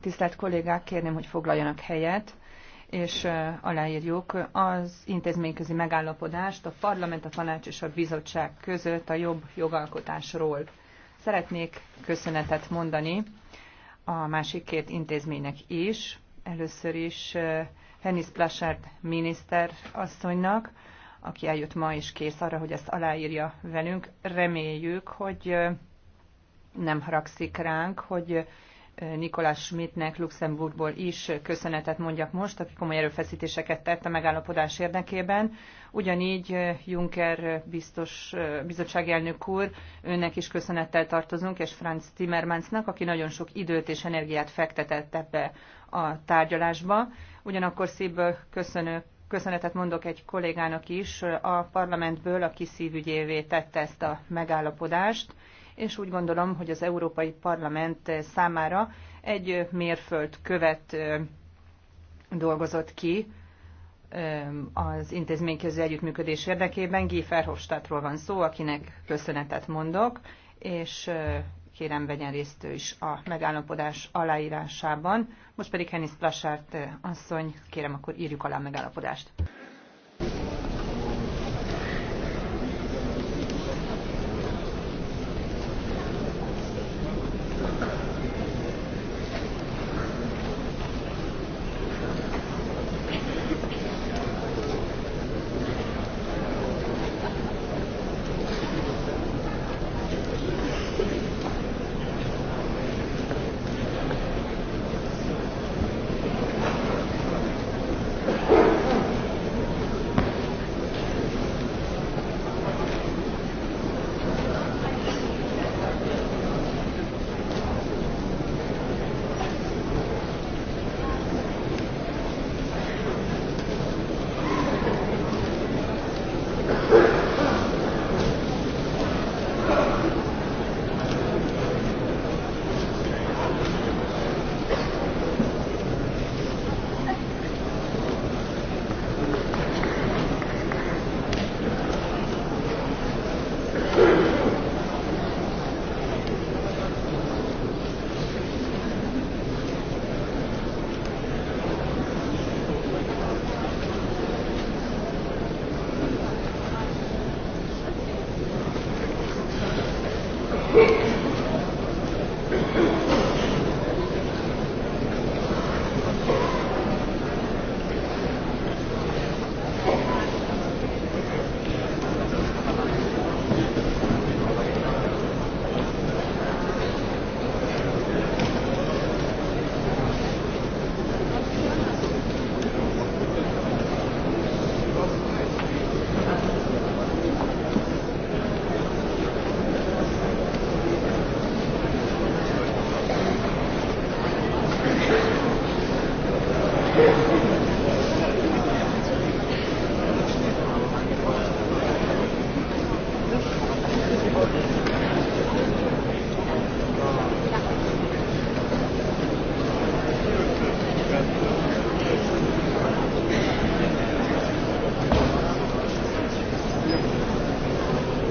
Tisztelt kollégák, kérném, hogy foglaljanak helyet, és aláírjuk az intézményközi megállapodást a parlament, a tanács és a bizottság között a jobb jogalkotásról. Szeretnék köszönetet mondani a másik két intézménynek is. Először is Hennis Plaschert miniszter asszonynak, aki eljött ma is kész arra, hogy ezt aláírja velünk. Reméljük, hogy nem haragszik ránk, hogy Nikolás Schmidtnek Luxemburgból is köszönetet mondjak most, aki komoly erőfeszítéseket tett a megállapodás érdekében. Ugyanígy Juncker biztos, bizottsági elnök úr, őnek is köszönettel tartozunk, és Franz Timmermansnak, aki nagyon sok időt és energiát fektetett ebbe a tárgyalásba. Ugyanakkor szívből köszönök köszönetet mondok egy kollégának is a parlamentből, aki szívügyévé tette ezt a megállapodást, és úgy gondolom, hogy az Európai Parlament számára egy mérföldkövet dolgozott ki az intézményközi együttműködés érdekében. Guy Verhofstadtról van szó, akinek köszönetet mondok, és kérem vegyen részt ő is a megállapodás aláírásában. Most pedig Henis Plasárt asszony, kérem akkor írjuk alá a megállapodást.